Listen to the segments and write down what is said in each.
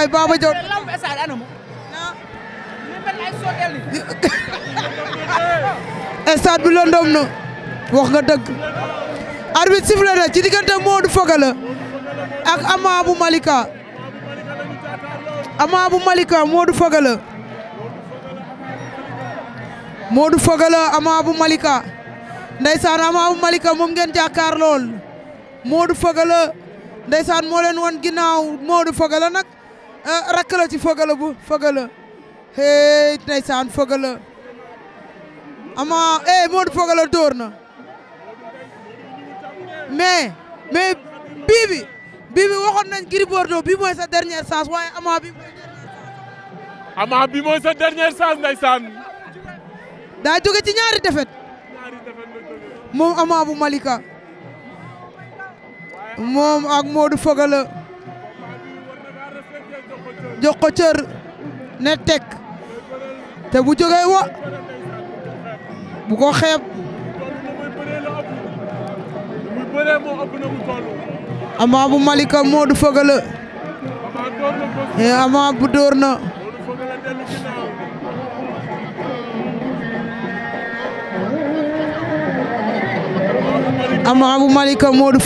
waay Baba Diaw. stade bi lëndëm na wax nga dëgg. arbitre sifflé na ci diggante Modou ak Ama bu Malika Ama bu Malika Modou Feugeula Modou Feugeula Ama bu Malika ndeysaan Ama bu Malika moom ngeen jàkkaar lool Modou Feugeula ndeysaan moo leen won ginnaaw Modou Feugeula nag Ah, rakk la ci Feugeuleu bu Feugeuleu hey ndeysaan Feugeuleu ama eh Modou na mais mais bii bi bii bi waxoon nañ Gris bii mooy sa dernière chance waaye ama bi mooy ama bi mooy sa dernière daa jóge ci ñaari défaite moom ama bu Malika moom ak Modou Feugeuleu jox ko cër ne te bu jógee wa bu ko xeeb ama bu malika Modou Feugeuleu eh, ama bu dóor na ama bu malika Modou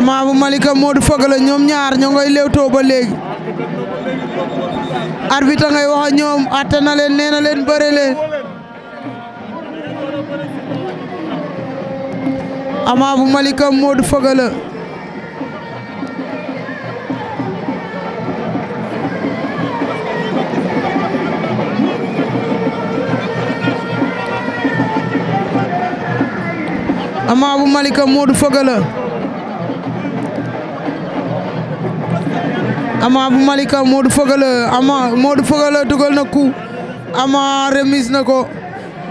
Ama bu Malika Modou Feugeleu ñoom ñaar ñoo ngay léewtoo ba léegi arbitre ngay wax ñoom atte na leen nee na bu Malika Modou Feugeleu Ama bu Malika Modou Feugeleu Ama Modou Feugeleu dugal na coup Ama remise na ko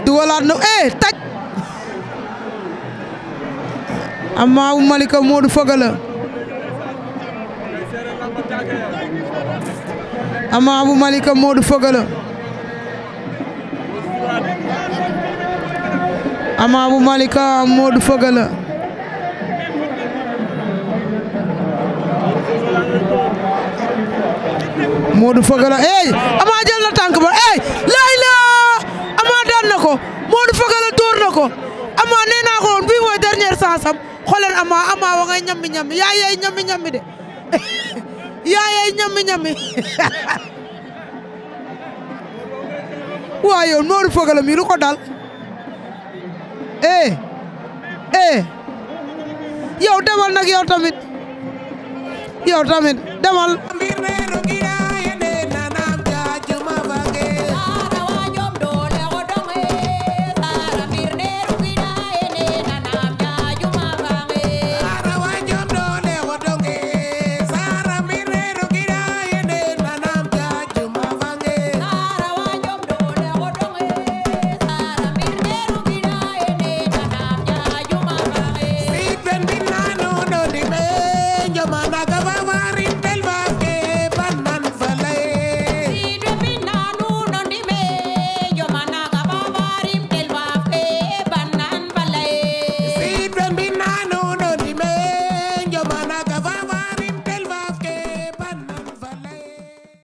dugalaat na eh taj Malika Modou Feugeleu Ama bu Malika Modou Malika Modou Feugeleu Modou Fagala ey Ama jël na tànk ba ey laay laa Ama ko Modou Fagala door na ko Ama nee naa ko woon bii mooy dernière chance am xooleen Ama Ama wa ñammi ñammi yaa ñammi ñammi de yaa yey ñammi ñammi waa ko dal eh eh yow demal nag yow tamit yow tamit demal